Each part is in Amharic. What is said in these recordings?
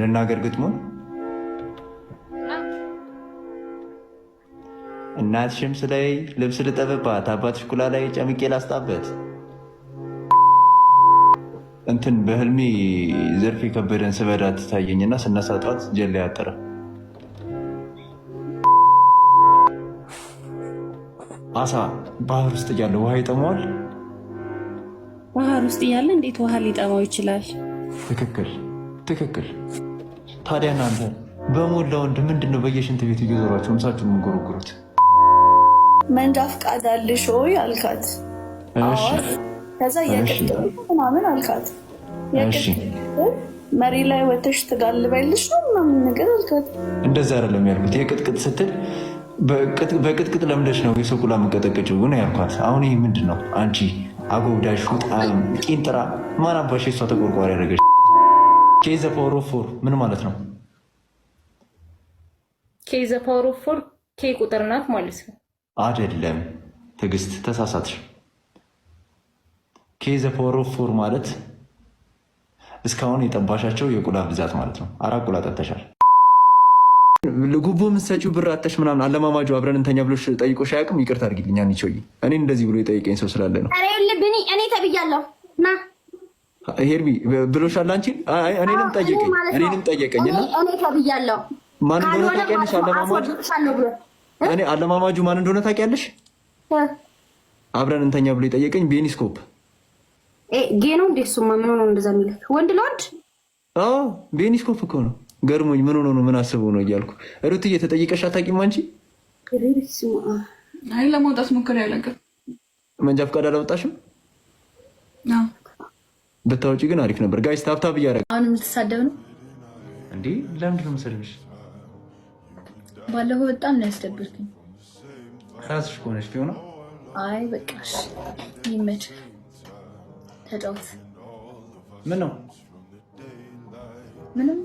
ልናገር ግጥሙን እናት ሽምስ ላይ ልብስ ልጠብባት፣ አባትሽ ኩላ ላይ ጨምቄ ላስጣበት። እንትን በህልሜ ዘርፍ የከበደን ስበዳት ታየኝና ስነሳጧት ጀላ ያጠረ አሳ ባህር ውስጥ እያለ ውሃ ይጠመዋል። ባህር ውስጥ እያለ እንዴት ውሃ ሊጠማው ይችላል? ትክክል ትክክል። ታዲያ እናንተ በሞላ ወንድ ምንድን ነው በየሽንት ቤት እየዞራቸው ምሳችሁ የምንጎረጉሩት? መንጃ ፍቃድ አለሽ ወይ አልካት። ከዛ የቅጥ ምናምን አልካት። መሪ ላይ ወተሽ ትጋልባይልሽ ነው ምናምን ነገር አልካት። እንደዛ አይደለም ያልኩት። የቅጥቅጥ ስትል በቅጥቅጥ ለምደሽ ነው የሰቁላ መቀጠቀጭ ሆነ ያልኳት። አሁን ይህ ምንድን ነው አንቺ አጎብዳሽ ጣም ቂንጥራ አባሽ የሷ ተቆርቋሪ ያደረገች ኬዘ ፓወር ፎር ምን ማለት ነው? ኬዘ ፓወር ፎር ኬ ቁጥር ናት ማለት ነው አይደለም። ትዕግስት ተሳሳትሽ። ኬዘ ፓወር ፎር ማለት እስካሁን የጠባሻቸው የቁላ ብዛት ማለት ነው። አራት ቁላ ጠጥተሻል። ለጉቦ ምሰጪው ብር አጥተሽ ምናምን አለማማጁ አብረን እንተኛ ብሎሽ ጠይቆሽ አያውቅም። ይቅርታ አድርጊልኝ አንቺ። እኔ እንደዚህ ብሎ የጠይቀኝ ሰው ስላለ ነው። ኧረ እኔ ተብያለሁ ና ሄርቢ ብሎሻል አንቺን እኔንም ጠየቀኝ እኔንም ጠየቀኝ እና እኔ ማን እንደሆነ ታውቂያለሽ? አለማማጁ እኔ አለማማጁ ማን እንደሆነ ታውቂያለሽ? አብረን እንተኛ ብሎ የጠየቀኝ ቤኒስኮፕ ጌ ነው እንዴ? ምን ሆኖ እንደዛ የሚል ወንድ ለወንድ አዎ ቤኒስኮፕ እኮ ነው። ገርሞኝ ምን ሆኖ ነው ምን አስበው ነው እያልኩ ሩት ተጠይቀሽ አታውቂም አንቺ? አይ ለማውጣት ሞክሬ ያለቀ መንጃ ፈቃድ አላወጣሽም? ብታወጪ ግን አሪፍ ነበር። ጋይስ ታብታብ እያደረገ አሁን የምትሳደብ ነው እንዴ? ለምንድን ነው መሰለሽ? ባለፈው በጣም ነው ያስደብርኩኝ። ራስሽ ከሆነሽ ቢሆነ አይ በቃሽ፣ ይመችህ፣ ተጫወት። ምን ነው ምንም።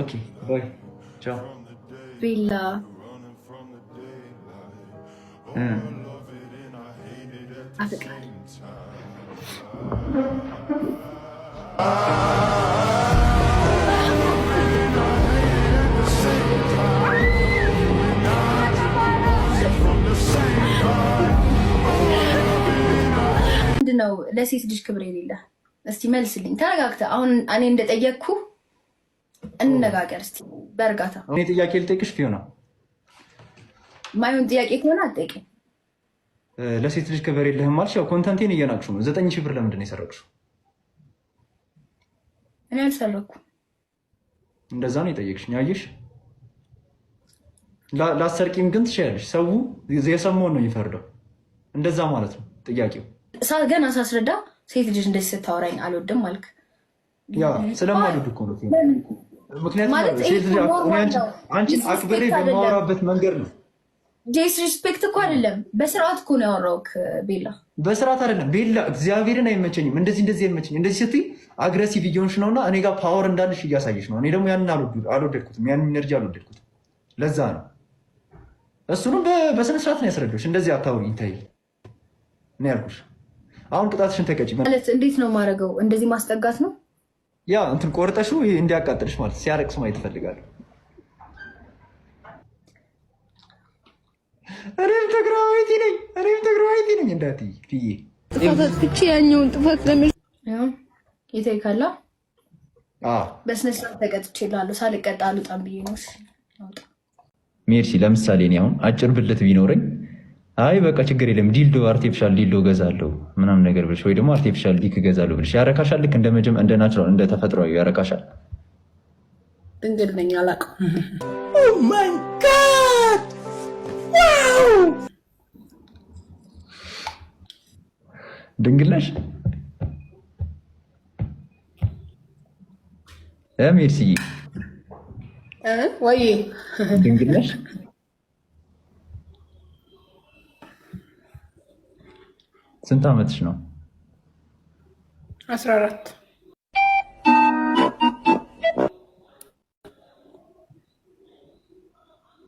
ኦኬ ባይ ቻው። ቤላ አፍቃለሁ ምንድን ነው ለሴት ልጅ ክብር የሌለ? እስቲ መልስልኝ ተረጋግተህ። አሁን እኔ እንደጠየቅኩ እንነጋገር እስቲ በእርጋታ። እኔ ጥያቄ ልጠይቅሽ ፊሆና ማይሆን ጥያቄ ከሆነ አልጠይቅም። ለሴት ልጅ ክብር የለህም ማለች። ያው ኮንተንቴን እየናቅሹ ነው። ዘጠኝ ሺህ ብር ለምንድን ነው የሰረቅሽው? እኔ አልሰረኩም። እንደዛ ነው የጠየቅሽኝ። አየሽ፣ ላሰርቂም ግን ትችያለሽ። ሰው የሰማውን ነው የሚፈርደው። እንደዛ ማለት ነው ጥያቄው። ገና ሳስረዳ ሴት ልጅ እንደዚህ ስታወራኝ አልወድም አልክ። ስለማልወድ እኮ ነው። ምክንያቱም ሴት ልጅ አንቺን አክብሬ በማወራበት መንገድ ነው ዲስሪስፔክት እኮ አይደለም፣ በስርዓት እኮ ነው ያወራሁት። ቤላ በስርዓት አይደለም ቤላ፣ እግዚአብሔርን አይመቸኝም። እንደዚህ እንደዚህ አይመቸኝም። እንደዚህ ስትይ አግሬሲቭ እየሆንሽ ነው እና እኔ ጋር ፓወር እንዳለሽ እያሳየሽ ነው። እኔ ደግሞ ያንን አልወደድኩትም፣ ያንን ኤነርጂ አልወደድኩትም። ለዛ ነው እሱንም በስነስርዓት ነው ያስረዳሁሽ። እንደዚህ አታውሪ ይታይ ነው ያልኩሽ። አሁን ቅጣትሽን ተቀጭ ማለት እንዴት ነው ማድረገው? እንደዚህ ማስጠጋት ነው ያ እንትን ቆርጠሹ እንዲያቃጥልሽ ማለት ሲያረቅስ ማየት እፈልጋለሁ እኔም ትግራዋይቲ ነኝ፣ እኔም ትግራዋይቲ ነኝ እንዳትዪ ብዬ ጥፋት ያኛውን ጥፋት ለምሽ ይተይካላ በስነ ስርዓት ተቀጥቼ እላለሁ። ሳልቀጣ አልወጣም ብዬ ነው። ሜርሲ ለምሳሌ እኔ አሁን አጭር ብልት ቢኖረኝ አይ በቃ ችግር የለም ዲልዶ አርቲፊሻል ዲልዶ ገዛለሁ ምናምን ነገር ብልሽ ወይ ደግሞ አርቲፊሻል ቢክ ገዛለሁ ብልሽ ያረካሻል። ልክ እንደ እንደ ናቹራል እንደ ተፈጥሯዊ ያረካሻል። ድንግል ነኝ አላውቅም። ኦ ማይ ጋድ ድንግልነሽ ሜርሲ ወይ ድንግልነሽ ስንት ዓመትሽ ነው? አስራ አራት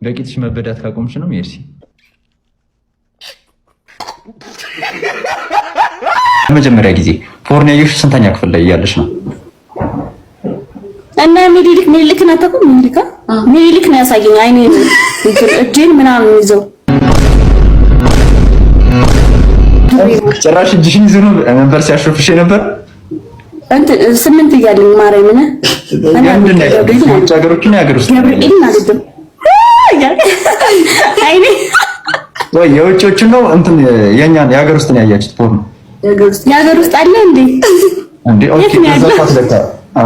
በቂትሽ መበዳት ካቆምሽ ነው ሜርሲ ከመጀመሪያ ጊዜ ፖርን ያየሽው ስንተኛ ክፍል ላይ እያለሽ ነው? እና ሚሊክ ሚሊክ ነው አታውቁም? ሚሊክ ሚኒሊክ ነው ያሳየኝ። አይኔ እጄን ምናምን ይዘው ጭራሽ እጅሽን ይዞ ነው መንበር ሲያሾፍሽ ነበር። እንትን ስምንት እያለኝ ማርያምን ውጭ ሀገሮችን የሀገር ውስጥ የውጭዎችን ነው እንትን የእኛን የሀገር ውስጥ ነው ያያችሁት ፖር ነው የሀገር ውስጥ አለ እንዴ? እንዴ ኦኬ። ከዛ አ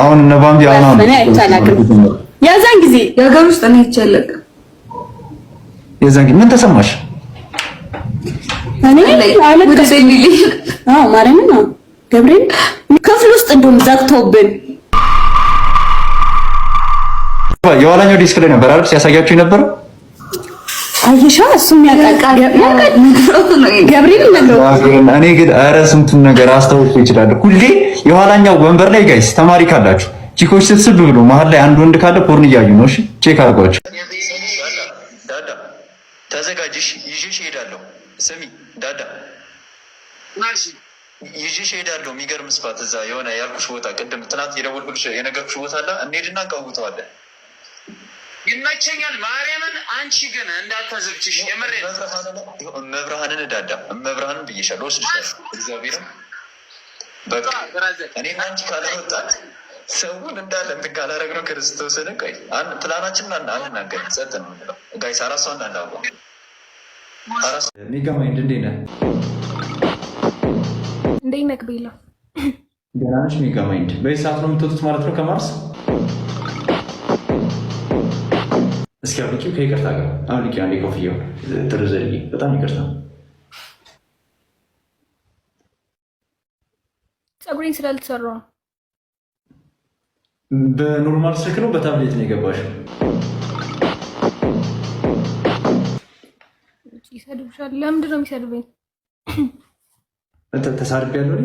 አሁን ነባምቢ አሁን የዛን ጊዜ የሀገር ውስጥ ነው ይቻለቅ የዛን ጊዜ ምን ተሰማሽ? እኔ አለቀ ሰይሊ አዎ ማርያምን ነው ገብርኤል ክፍል ውስጥ እንደውም ዘግቶብን የኋላኛው ዲስክ ላይ ነበር አይደል ሲያሳያችሁ የነበረው አይሻ እሱም ያቃቃል እኔ ግን ኧረ ስንቱን ነገር አስታውቆ ይችላል። ሁሌ የኋላኛው ወንበር ላይ ጋይስ ተማሪ ካላችሁ ቺኮች ስብስብ ብሎ መሀል ላይ አንድ ወንድ ካለ ፖርን እያዩ ነው። እሺ ቼክ አድርጓቸው። ዳዳ ተዘጋጅሽ፣ ይዤሽ እሄዳለሁ። ስሚ ዳዳ ይዤሽ እሄዳለሁ። የሚገርም ስፋት እዛ የሆነ ያልኩሽ ቦታ ቅድም ትናንት የደወልኩልሽ የነገርኩሽ ቦታ አለ። እንሄድና እንቃውተዋለን ይመቸኛል። ማርያምን አንቺ ግን እንዳታዘብችሽ የምሬ መብርሃንን እዳዳ መብርሃንን ብዬሻለሁ። ወስድሻለሁ። እግዚአብሔር እኔ አንቺ ካለመጣት ሰውን እንዳለ እንትን ነው ክርስቶስን ቆይ ፕላናችን አንናገር ጸጥ ነው ምለው ጋይስ አራሷ እናናውቀ ሜጋ ማይንድ እንዴት ነህ? እንዴት ነህ? ቤላ ደህና ነሽ? ሜጋ በዚህ ሰዓት ነው የምትወጡት ማለት ነው ከማርስ እስኪ አውልቂው ከይቅርታ ጋር አውልቂ። አንድ ኮፍያው ትርዘልኝ። በጣም ይቅርታ ጸጉሬን ስላልተሰራ በኖርማል ስልክ ነው በታብሌት ነው የገባሽ ይሰድብሻል። ለምንድን ነው የሚሰድበኝ? ተሳድብ ያለው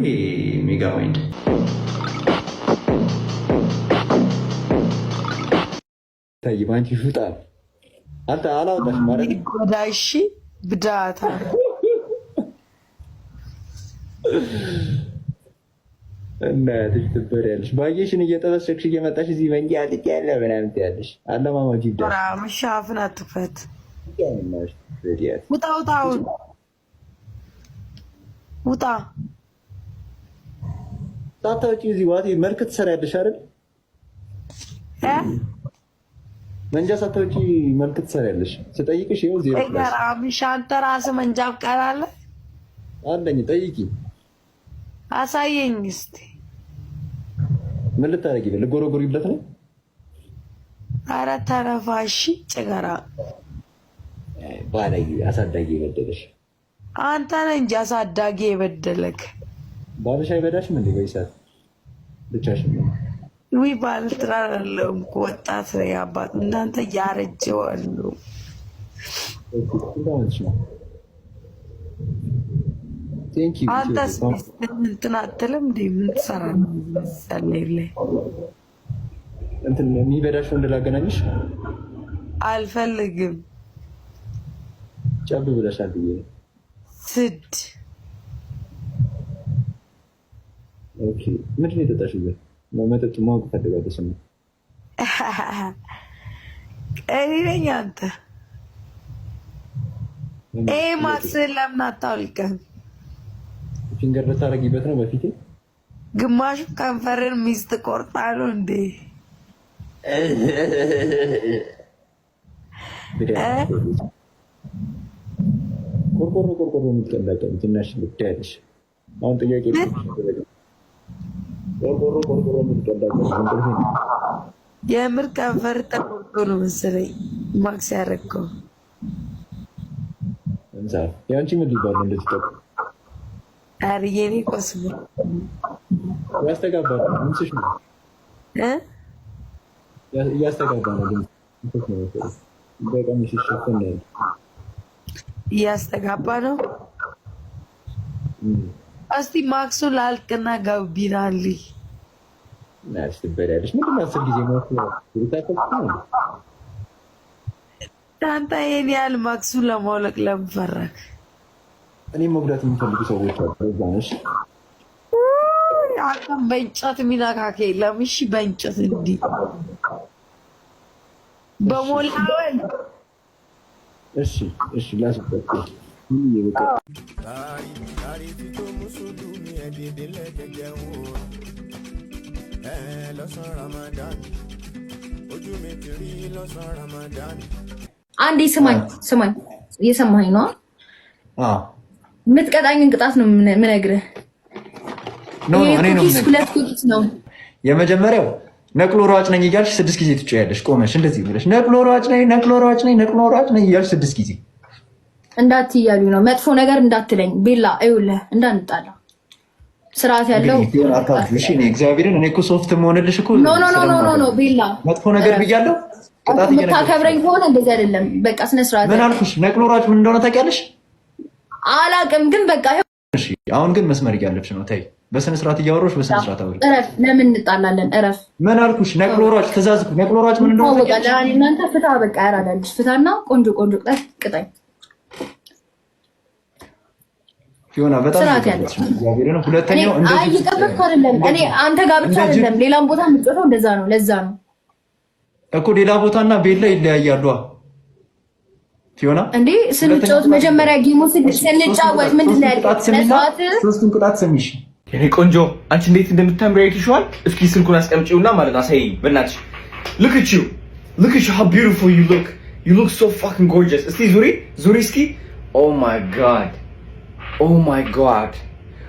ሜጋ ማይንድ ይታይ ባንቺ አንተ አላወጣሽ ማለት ጎዳሺ ብዳታ እናትሽ ትበሪያለሽ። ባየሽን እየጠበሰክሽ እየመጣሽ እዚህ መንጊ አጥቅ ያለ ምናምን ትያለሽ። አለማማጅ ይዳል መሻፍን አትክፈት። ውጣ ውጣ ውጣ ሳታውቂ እዚህ ዋቴ መልክ ትሰሪያለሽ አይደል? መንጃ ሳታውቂ መልክ ትሰሪያለሽ። ስጠይቅሽ ይኸው ዜሮ ፕላስ አንተ ራስህ መንጃ ፍቃድ አለ አለኝ። ጠይቂ፣ አሳየኝ እስኪ። ምን ልታደርጊ ነው? ልጎረጎሪበት ነው? ኧረ ተረፋሽ ጭገራ ባለጌ አሳዳጊ የበደለሽ አንተ ነህ እንጂ አሳዳጊ የበደለክ። ባልሽ አይበዳሽም እንዴ? በይሳት ብቻሽን ነው ዊ ባልትራ አለም ወጣት አባት እናንተ ያረጀዋሉ። አሉ አንተስ እንትን አትልም እንዴ? ምን ትሰራለህ? እንትን የሚበዳሽ ወንድ ላገናኝሽ አልፈልግም። ጨብ ብለሻል ብዬ ስድ ምንድን ነው የጠጣሽበት? መጠጥ ማወቅ ፈልጋለሁ። ስማ እኔ ነኝ አንተ ይሄ ማስህን ለምን አታውልቀም? ፊንገር ልታረጊበት ነው በፊቴ ግማሹ ከንፈርን ሚስት ቆርጣ ነው እንዴ? ቆርቆሮ ቆርቆሮ የሚቀላቀሉ ትናሽ ጉዳይ አለሽ። አሁን ጥያቄ ቆርቆሮ ቆርቆሮ የምትቀዳቸው የምር ከንፈር ተቆርጦ ነው መሰለኝ ማክስ ያደረገው። የአንቺ ምን ሊባል እንደተጠቁ ያስተጋባ ነው እያስተጋባ ነው በቀሚስ እያስተጋባ ነው። እስቲ ማክሱ ላልቅና ጋቢናልኝ ምናልሽ ትበላለች ምንድን አስር ጊዜ ታንታ ይሄን ያህል ማክሱን ለማውለቅ ለምፈረግ እኔ መጉዳት የሚፈልጉ ሰዎች ዛነሽ አም በእንጨት የሚነካከ የለም። እሺ በእንጨት እንዲህ በሞላወል እሺ እሺ ላስበት ይበቃ ẹ lọ́sàn አንዴ ስማኝ ስማኝ እየሰማኝ ነው። የምትቀጣኝን ቅጣት ነው የምነግርህ። ሁለት ኩኪስ ነው የመጀመሪያው ነቅሎ ሯጭ ነኝ እያልሽ ስድስት ጊዜ ትጮያለሽ። ቆመሽ እንደዚህ ብለሽ ነቅሎ ሯጭ ነኝ፣ ነቅሎ ሯጭ ነኝ፣ ነቅሎ ሯጭ ነኝ እያልሽ ስድስት ጊዜ እንዳት እያሉ ነው። መጥፎ ነገር እንዳትለኝ ቤላ እዩለ እንዳንጣላ ስርዓት ያለው እግዚአብሔርን እኔ እኮ ሶፍት መሆንልሽ እኮ ቤላ መጥፎ ነገር ብያለሁ። የምታከብረኝ ከሆነ እንደዚህ አይደለም። በቃ ስነ ስርዓት ምን አልኩሽ? ነቅሎ ራጭ ምን እንደሆነ ታውቂያለሽ? አላውቅም፣ ግን በቃ አሁን ግን መስመር እያለፍሽ ነው። ተይ በስነ ስርዓት እያወራሁሽ፣ በስነ ስርዓት አውሪ። እረፍ። ለምን እንጣላለን? እረፍ። ምን አልኩሽ? ነቅሎ ራጭ ትእዛዝ ነቅሎ ራጭ ምን እንደሆነ ታውቂያለሽ? እናንተ ፍታ፣ በቃ ያራዳልሽ። ፍታና ቆንጆ ቆንጆ ቅጣት ቅጣኝ። ሆና በጣም ሁለተኛው እንደ አይ እየጠበቅኩ አይደለም እኔ አንተ ጋር ብቻ አይደለም፣ ሌላም ቦታ የምትጮተው እንደዛ ነው። ለዛ ነው እኮ ሌላ ቦታና ቤት ላይ ይለያያሉ። ፊዮና እንዴ ስንጫወት መጀመሪያ ጌሞ ስንጫወት ምንድን ነው ያልከኝ? ሶስቱን ቅጣት ስሚሽ የኔ ቆንጆ አንቺ እንዴት እንደምታምሪ አይተሽዋል። እስኪ ስልኩን አስቀምጪውና ማለት አሳይኝ በእናትሽ። ሉክ አት ዩ ሉክ አት ዩ ሃው ቢዩቲፉል ዩ ሉክ ዩ ሉክ ሶ ፋኪንግ ጎርጀስ። እስኪ ዙሪ ዙሪ እስኪ ኦ ማይ ጋድ Oh my God!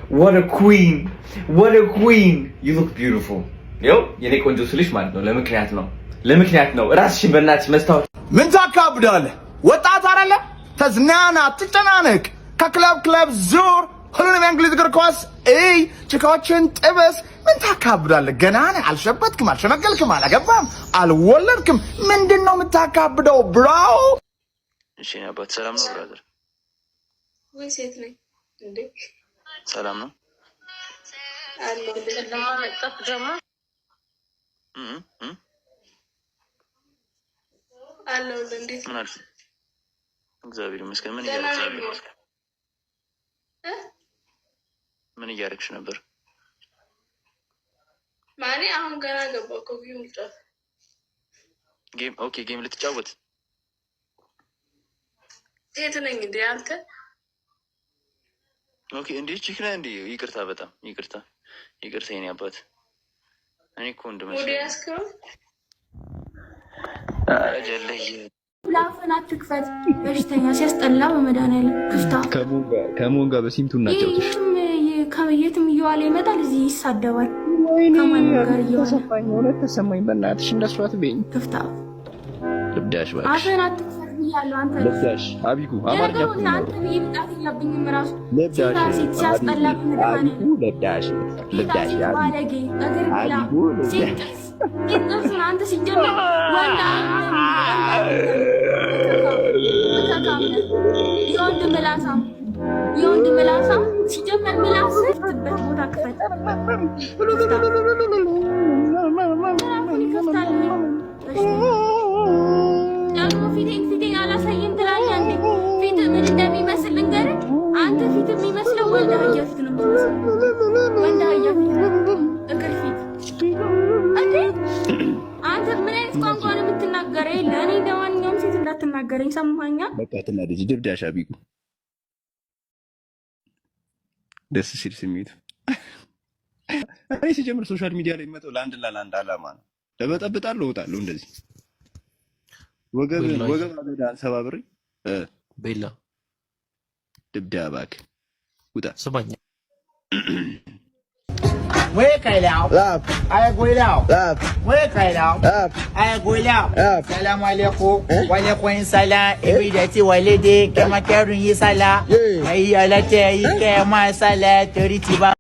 What a queen! What a queen! You look beautiful. ይኸው የኔ ቆንጆ ስልሽ ማለት ነው ለምክንያት ነው ለምክንያት ነው። ራስሽን በእናትሽ መስታወት ምን ታካብዳለህ? ወጣት አይደለ? ተዝናና፣ ትጨናነቅ፣ ከክለብ ክለብ ዙር፣ ሁሉንም የእንግሊዝ እግር ኳስ እይ፣ ጭቃዎችን ጥበስ። ምን ታካብዳለህ? ገና ነህ። አልሸበትክም፣ አልሸመገልክም፣ አላገባም፣ አልወለድክም። ምንድን ነው የምታካብደው? ብራው እሺ፣ አባት ሰላም ነው ብራዘር ወይ ሴት ነኝ ሰላም ነው? እግዚአብሔር ይመስገን። ምን እያደረግሽ ምን እያደረግሽ ነበር? ማኔ አሁን ገና ገባ እኮ ጌም ልጫወት። ኦኬ፣ ጌም ልትጫወት ሴት ነኝ እንዴ አንተ ኦኬ እንዴ ችክነ እንዴ ይቅርታ፣ በጣም ይቅርታ፣ ይቅርታ የኔ አባት። እኔ እኮ ላፈናችሁ ክፈት። በሽተኛ ሲያስጠላ በመድኃኒዓለም ክፍታ ከሞን ጋር በሲምቱ እናጫውትሽ። የትም እየዋለ ይመጣል፣ እዚህ ይሳደባል። ከማንም ጋር እየዋለ ተሰማኝ። በእናትሽ ክፍታ ልብዳሽ የወንድ ሲጀመር ምላስ በት ቦታ ክፈት አትናደጂ። ድብዳሻ ቢቁ ደስ ሲል ስሜቱ እኔ ሲጀምር ሶሻል ሚዲያ ላይ የሚመጣው ለአንድ እና ለአንድ ዓላማ ነው። ለበጠብጣለሁ፣ እወጣለሁ። እንደዚህ ወገብ ወገብ አገዳ አንሰባብሪ ቤላ ድብዳ እባክህ ውጣ ስማኝ 我改了，Love, 俺也跪了，love, 我也改了，love, 俺也跪了。Ah. Salam alaikum, Eh? wa alaikum salam. Ibi eh? da eh? eh? ti walidi, kama kerun yi sala. Yeah. Mai alata yi kama sala, tori ti ba.